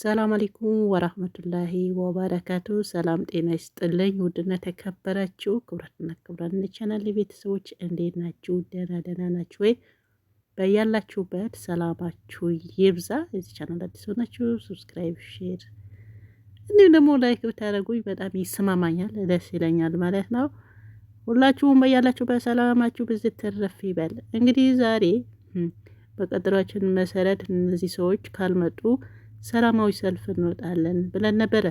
ሰላም አለይኩም ወራህመቱላሂ ወበረካቱ። ሰላም ጤና ይስጥልኝ። ውድና ተከበራችሁ ክብረትና ክብረን ቻናል ቤተሰቦች እንዴት ናችሁ? ደህና ደህና ናችሁ ወይ? በያላችሁበት ሰላማችሁ ይብዛ። እዚህ ቻናል አዲስ ሆናችሁ ሰብስክራይብ፣ ሼር እንዲሁም ደግሞ ላይክ ብታደርጉኝ በጣም ይስማማኛል፣ ደስ ይለኛል ማለት ነው። ሁላችሁም በያላችሁበት ሰላማችሁ ብዙ ትረፍ ይበል። እንግዲህ ዛሬ በቀጠሯችን መሰረት እነዚህ ሰዎች ካልመጡ ሰላማዊ ሰልፍ እንወጣለን ብለን ነበረ።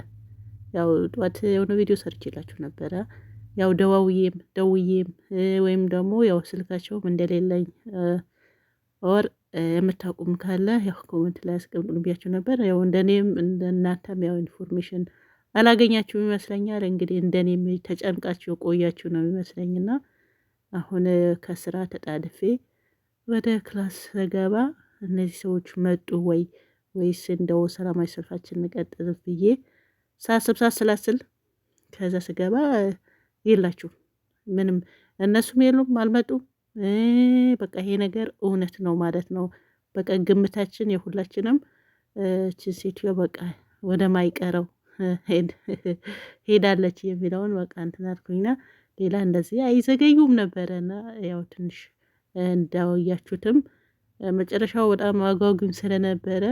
ያው ጠዋት የሆነ ቪዲዮ ሰርች ይላችሁ ነበረ። ያው ደዋውዬም ደውዬም ወይም ደግሞ ያው ስልካቸውም እንደሌለኝ ወር የምታውቁም ካለ ያው ኮመንት ላይ አስቀምጡን ብያችሁ ነበር። ያው እንደኔም እንደናንተም ያው ኢንፎርሜሽን አላገኛችሁም ይመስለኛል። እንግዲህ እንደኔም ተጨንቃችሁ ቆያችሁ ነው ይመስለኝና አሁን ከስራ ተጣድፌ ወደ ክላስ ስገባ እነዚህ ሰዎች መጡ ወይ ወይስ እንደው ሰላማዊ ሰልፋችን እንቀጥል ብዬ ሳስብ ሳስላስል ከዛ ስገባ የላችሁ ምንም እነሱም የሉም አልመጡም። በቃ ይሄ ነገር እውነት ነው ማለት ነው። በቃ ግምታችን የሁላችንም ችን ሴትዮ በቃ ወደማይቀረው ሄዳለች የሚለውን በቃ እንትን አልኩኝና ሌላ እንደዚህ አይዘገዩም ነበረና ያው ትንሽ እንዳወያችሁትም መጨረሻው በጣም አጓጉኝ ስለነበረ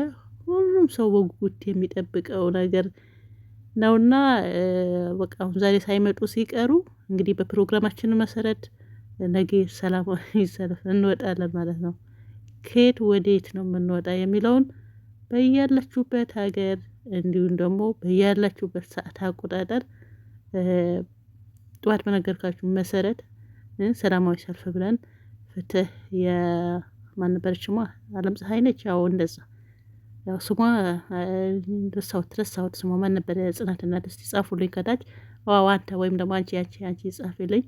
ሁሉም ሰው በጉጉት የሚጠብቀው ነገር ነውና በቃ አሁን ዛሬ ሳይመጡ ሲቀሩ እንግዲህ በፕሮግራማችን መሰረት ነገ ሰላማዊ ሰልፍ እንወጣለን ማለት ነው። ከየት ወዴት ነው የምንወጣ የሚለውን በያላችሁበት ሀገር እንዲሁም ደግሞ በያላችሁበት ሰዓት አቆጣጠር ጠዋት በነገርካችሁ መሰረት ሰላማዊ ሰልፍ ብለን ፍትህ የማን ነበረችማ? አለም ፀሐይ ነች። ያው እንደዛ ያው ስሟ ረሳሁት ረሳሁት ስሟ ማን ነበረ? ጽናትና ደስቲ ጻፉልኝ ከታች ዋው አንተ ወይም ደግሞ አንቺ ያቺ አንቺ ጻፊልኝ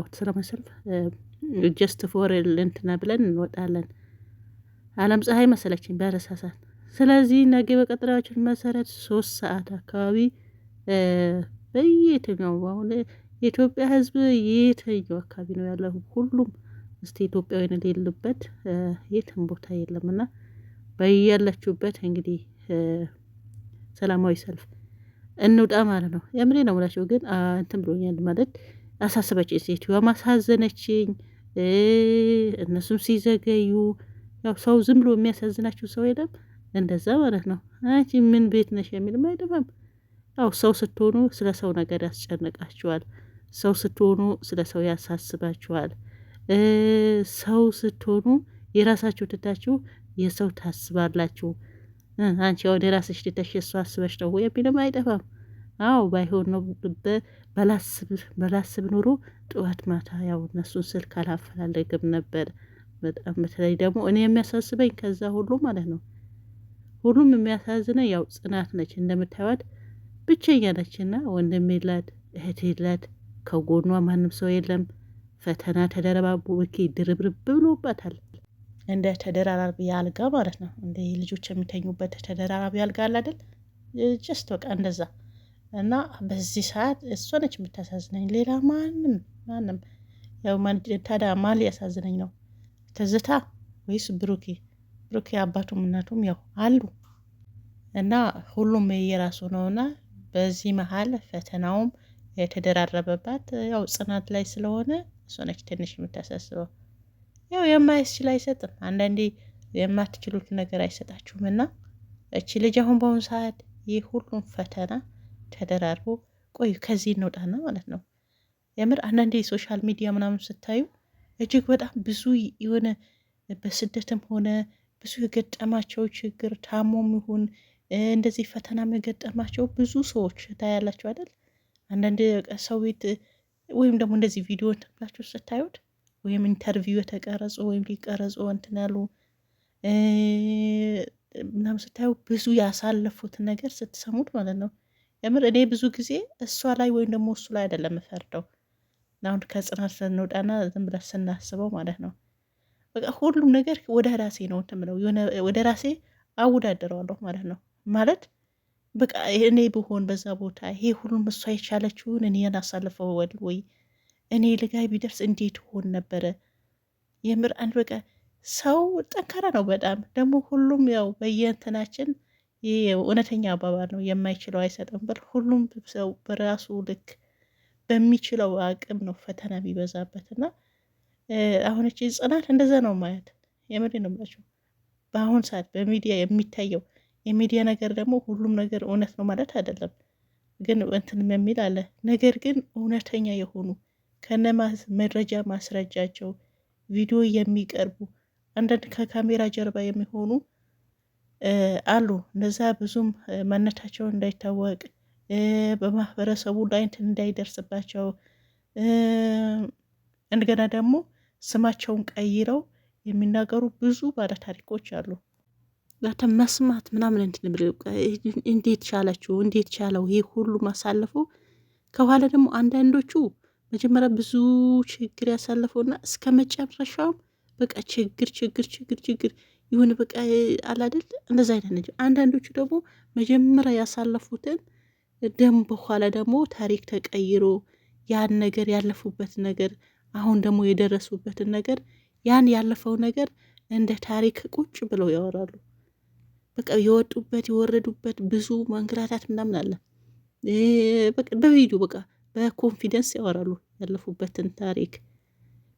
ው ስለመሰልፍ ጀስት ፎር እንትና ብለን እንወጣለን። አለም ፀሐይ መሰለችኝ በረሳሳት። ስለዚህ ነገ በቀጠራችን መሰረት ሶስት ሰዓት አካባቢ በየትኛው አሁን የኢትዮጵያ ሕዝብ የትኛው አካባቢ ነው ያለው? ሁሉም እስቲ ኢትዮጵያዊነት የሌለበት የትም ቦታ የለምና በያላችሁበት እንግዲህ ሰላማዊ ሰልፍ እንውጣ ማለት ነው። የምሬ ነው የምላቸው። ግን እንትን ብሎኛል ማለት አሳስበችኝ፣ ሴትዮዋ ማሳዘነችኝ። እነሱም ሲዘገዩ ያው ሰው ዝም ብሎ የሚያሳዝናችሁ ሰው የለም እንደዛ ማለት ነው። አንቺ ምን ቤት ነሽ የሚልም አይደለም። ያው ሰው ስትሆኑ ስለ ሰው ነገር ያስጨንቃችኋል። ሰው ስትሆኑ ስለ ሰው ያሳስባችኋል። ሰው ስትሆኑ የራሳችሁ ትታችሁ የሰው ታስባላችሁ። አንቺ ወደ ራስሽ ልተሽ የሱ አስበሽ ነው የሚልም አይጠፋም። አዎ ባይሆን ነው በላስብ ኑሮ ጥዋት ማታ ያው እነሱን ስልክ አላፈላለግም ነበር። በጣም በተለይ ደግሞ እኔ የሚያሳስበኝ ከዛ ሁሉ ማለት ነው ሁሉም የሚያሳዝነኝ ያው ጽናት ነች። እንደምታዩት ብቸኛ ነች እና ወንድም የላት እህት የላት ከጎኗ ማንም ሰው የለም። ፈተና ተደረባቡ ብኪ ድርብርብ ብሎባታል። እንደ ተደራራቢ አልጋ ማለት ነው። እንደ ልጆች የሚተኙበት ተደራራቢ አልጋ አለ አይደል? ጀስት በቃ እንደዛ እና በዚህ ሰዓት እሷ ነች የምታሳዝነኝ። ሌላ ማንም ማንም ያው ታዲያ ማን ሊያሳዝነኝ ነው? ትዝታ ወይስ ብሩኬ? ብሩኬ አባቱም እናቱም ያው አሉ እና ሁሉም የራሱ ነውና በዚህ መሀል ፈተናውም የተደራረበባት ያው ጽናት ላይ ስለሆነ እሷ ነች ትንሽ የምታሳስበው። ያው የማያስችል አይሰጥም። አንዳንዴ የማትችሉት ነገር አይሰጣችሁም። እና እቺ ልጅ አሁን በአሁኑ ሰዓት ይህ ሁሉም ፈተና ተደራርቦ ቆዩ ከዚህ እንውጣና ማለት ነው። የምር አንዳንዴ ሶሻል ሚዲያ ምናምን ስታዩ እጅግ በጣም ብዙ የሆነ በስደትም ሆነ ብዙ የገጠማቸው ችግር ታሞም ይሁን እንደዚህ ፈተናም የገጠማቸው ብዙ ሰዎች ታያላቸው አይደል? አንዳንድ ሰው ቤት ወይም ደግሞ እንደዚህ ቪዲዮ ተብላቸው ስታዩት ወይም ኢንተርቪው የተቀረጹ ወይም ሊቀረጹ እንትን ያሉ ምናምን ስታዩ ብዙ ያሳለፉት ነገር ስትሰሙት ማለት ነው። የምር እኔ ብዙ ጊዜ እሷ ላይ ወይም ደግሞ እሱ ላይ አይደለም የምፈርደው። አሁን ከጽናት ስንወጣና ዝም ብለን ስናስበው ማለት ነው በቃ ሁሉም ነገር ወደ ራሴ ነው እንትን ብለው ወደ ራሴ አወዳደረዋለሁ ማለት ነው። ማለት በቃ እኔ ብሆን በዛ ቦታ ይሄ ሁሉም እሷ የቻለችውን እኔን አሳልፈው ወይ እኔ ልጋይ ቢደርስ እንዴት ሆን ነበረ። የምር አንድ በቃ ሰው ጠንካራ ነው በጣም ደግሞ ሁሉም ያው በየእንትናችን እውነተኛ አባባል ነው፣ የማይችለው አይሰጥም ብል ሁሉም ሰው በራሱ ልክ በሚችለው አቅም ነው ፈተና የሚበዛበት እና አሁን እቺ ጽናት እንደዛ ነው ማየት የምር ነው የምላቸው። በአሁን ሰዓት በሚዲያ የሚታየው የሚዲያ ነገር ደግሞ ሁሉም ነገር እውነት ነው ማለት አይደለም፣ ግን እንትን የሚል አለ። ነገር ግን እውነተኛ የሆኑ መረጃ ማስረጃቸው ቪዲዮ የሚቀርቡ አንዳንድ ከካሜራ ጀርባ የሚሆኑ አሉ። እነዛ ብዙም ማነታቸው እንዳይታወቅ በማህበረሰቡ ላይ እንትን እንዳይደርስባቸው እንደገና ደግሞ ስማቸውን ቀይረው የሚናገሩ ብዙ ባለ ታሪኮች አሉ። ዛተ መስማት ምናምን እንድንብል እንዴት ቻላችሁ? እንዴት ቻለው? ይህ ሁሉ ማሳለፉ ከኋላ ደግሞ አንዳንዶቹ መጀመሪያ ብዙ ችግር ያሳለፈውና እስከ መጨረሻውም በቃ ችግር ችግር ችግር ችግር ይሁን በቃ አላደል እንደዚ አይነት ነ አንዳንዶቹ ደግሞ መጀመሪያ ያሳለፉትን ደም በኋላ ደግሞ ታሪክ ተቀይሮ ያን ነገር ያለፉበት ነገር አሁን ደግሞ የደረሱበትን ነገር ያን ያለፈው ነገር እንደ ታሪክ ቁጭ ብለው ያወራሉ። በቃ የወጡበት የወረዱበት ብዙ መንገላታት ምናምን አለ በቪዲዮ በቃ በኮንፊደንስ ያወራሉ ያለፉበትን ታሪክ።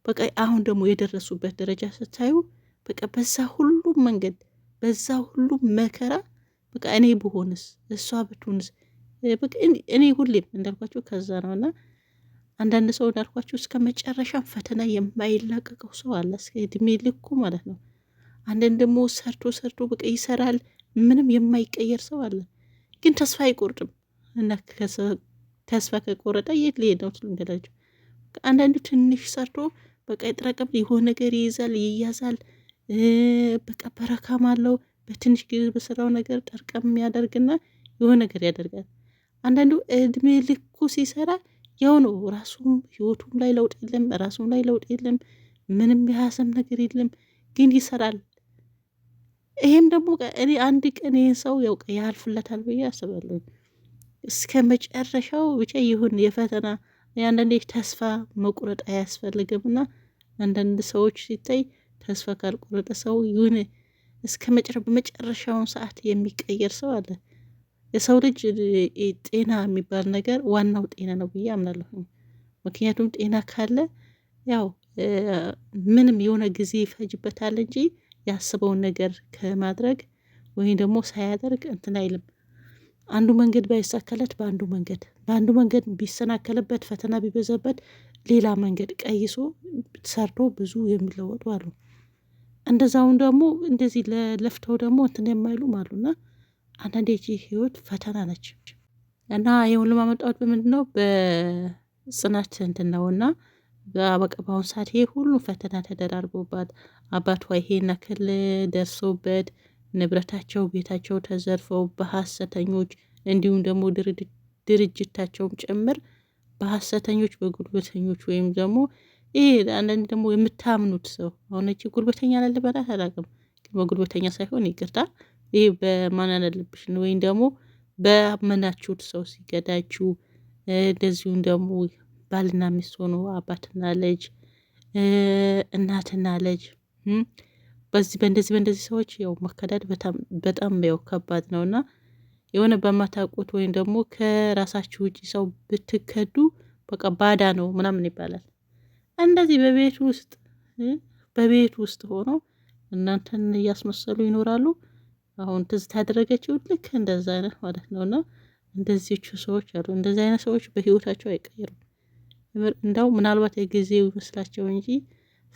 በቃ አሁን ደግሞ የደረሱበት ደረጃ ስታዩ በቃ በዛ ሁሉም መንገድ በዛ ሁሉም መከራ በቃ እኔ ብሆንስ እሷ ብትሆንስ እኔ ሁሌም እንዳልኳቸው ከዛ ነው እና አንዳንድ ሰው እንዳልኳቸው እስከ መጨረሻም ፈተና የማይላቀቀው ሰው አለ፣ እስከ እድሜ ልኩ ማለት ነው። አንዳንድ ደግሞ ሰርቶ ሰርቶ በቃ ይሰራል፣ ምንም የማይቀየር ሰው አለ። ግን ተስፋ አይቆርጥም እና ተስፋ ከቆረጠ የት ሊሄድ ነው ትሉኛላችሁ። አንዳንዱ ትንሽ ሰርቶ በቃ ይጥረቅም የሆነ ነገር ይይዛል፣ ይያዛል፣ በቃ በረካም አለው። በትንሽ ጊዜ በሰራው ነገር ጠርቀም ያደርግና የሆነ ነገር ያደርጋል። አንዳንዱ እድሜ ልኩ ሲሰራ ያው ነው። ራሱም ህይወቱም ላይ ለውጥ የለም፣ ራሱም ላይ ለውጥ የለም፣ ምንም የሀሰብ ነገር የለም፣ ግን ይሰራል። ይሄም ደግሞ እኔ አንድ ቀን ይህን ሰው ያውቀ ያልፍለታል ብዬ አስባለሁ። እስከ መጨረሻው ብቻ ይሁን የፈተና አንዳንዴ ተስፋ መቁረጥ አያስፈልግም እና አንዳንድ ሰዎች ሲታይ ተስፋ ካልቆረጠ ሰው ይሁን እስከ በመጨረሻውን ሰዓት የሚቀየር ሰው አለ። የሰው ልጅ ጤና የሚባል ነገር ዋናው ጤና ነው ብዬ አምናለሁ። ምክንያቱም ጤና ካለ ያው ምንም የሆነ ጊዜ ይፈጅበታል እንጂ ያስበውን ነገር ከማድረግ ወይም ደግሞ ሳያደርግ እንትን አይልም። አንዱ መንገድ ባይሳካለት በአንዱ መንገድ በአንዱ መንገድ ቢሰናከልበት ፈተና ቢበዛበት ሌላ መንገድ ቀይሶ ሰርቶ ብዙ የሚለወጡ አሉ። እንደዛውን ደግሞ እንደዚህ ለፍተው ደግሞ እንትን የማይሉም አሉና አንዳንዴ ህይወት ፈተና ነች እና ይሁን ለማመጣወት በምንድን ነው በጽናት እንትን ነው እና በአበቃ በአሁኑ ሰዓት ይሄ ሁሉ ፈተና ተደራርቦባት አባቷ ይሄን ያክል ደርሶበት ንብረታቸው፣ ቤታቸው ተዘርፈው በሐሰተኞች እንዲሁም ደግሞ ድርጅታቸውም ጭምር በሐሰተኞች በጉልበተኞች ወይም ደግሞ ይሄ አንዳንድ ደግሞ የምታምኑት ሰው አሁን እቺ ጉልበተኛ ላለበላት አላውቅም፣ ግን በጉልበተኛ ሳይሆን ይቅርታ፣ ይሄ በማን ያለብሽ ወይም ደግሞ በአመናችሁት ሰው ሲገዳችሁ፣ እንደዚሁም ደግሞ ባልና ሚስት ሆኖ አባትና ልጅ እናትና ልጅ በዚህ በእንደዚህ በእንደዚህ ሰዎች ያው መከዳድ በጣም ያው ከባድ ነው እና የሆነ በማታውቁት ወይም ደግሞ ከራሳችሁ ውጭ ሰው ብትከዱ በቃ ባዳ ነው ምናምን ይባላል። እንደዚህ በቤት ውስጥ በቤት ውስጥ ሆነው እናንተን እያስመሰሉ ይኖራሉ። አሁን ትዝ ያደረገችው ልክ እንደዚ አይነት ማለት ነው እና እንደዚቹ ሰዎች አሉ። እንደዚህ አይነት ሰዎች በህይወታቸው አይቀይሩም። እንደው ምናልባት የጊዜው ይመስላቸው እንጂ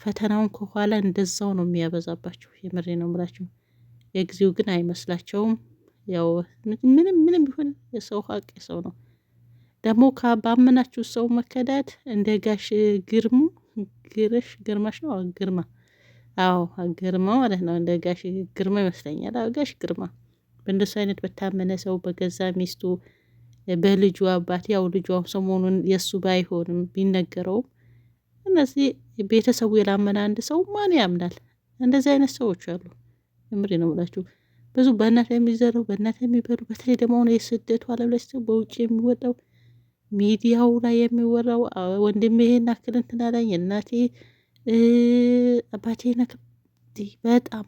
ፈተናውን ከኋላ እንደዛው ነው የሚያበዛባቸው። የምሬ ነው ምላቸው። የጊዜው ግን አይመስላቸውም። ያው ምንም ምንም ቢሆን የሰው ሀቅ የሰው ነው። ደግሞ ባመናችሁ ሰው መከዳት እንደ ጋሽ ግርሙ ግርሽ ግርማሽ ነው ግርማ አዎ ግርማ ማለት ነው። እንደ ጋሽ ግርማ ይመስለኛል። አዎ ጋሽ ግርማ በእንደሱ አይነት በታመነ ሰው በገዛ ሚስቱ በልጁ አባት ያው ልጇም ሰሞኑን የእሱ ባይሆንም ቢነገረውም እነዚህ ቤተሰቡ የላመነ አንድ ሰው ማን ያምናል? እንደዚህ አይነት ሰዎች አሉ። ምሬ ነው ብላችሁ ብዙ በእናት የሚዘረው በእናት የሚበሉ በተለይ ደግሞ አሁን የስደቱ ዓለም ላይ በውጭ የሚወጣው ሚዲያው ላይ የሚወራው ወንድሜ ይሄን አክል እንትን አለኝ እናቴ አባቴ ነክ በጣም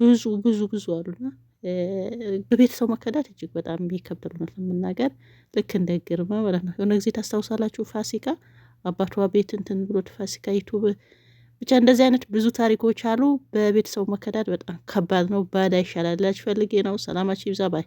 ብዙ ብዙ ብዙ አሉና በቤተሰው መከዳት እጅግ በጣም የሚከብድ ነው ለመናገር ልክ እንደ ግርማ ማለት ነው። የሆነ ጊዜ ታስታውሳላችሁ ፋሲካ አባቷ ቤት እንትን ብሎ ፋሲካ ዩቱብ ብቻ እንደዚህ አይነት ብዙ ታሪኮች አሉ። በቤተሰቡ መከዳድ በጣም ከባድ ነው። ባዳ ይሻላል። ላች ፈልጌ ነው። ሰላማችሁ ይብዛ ባይ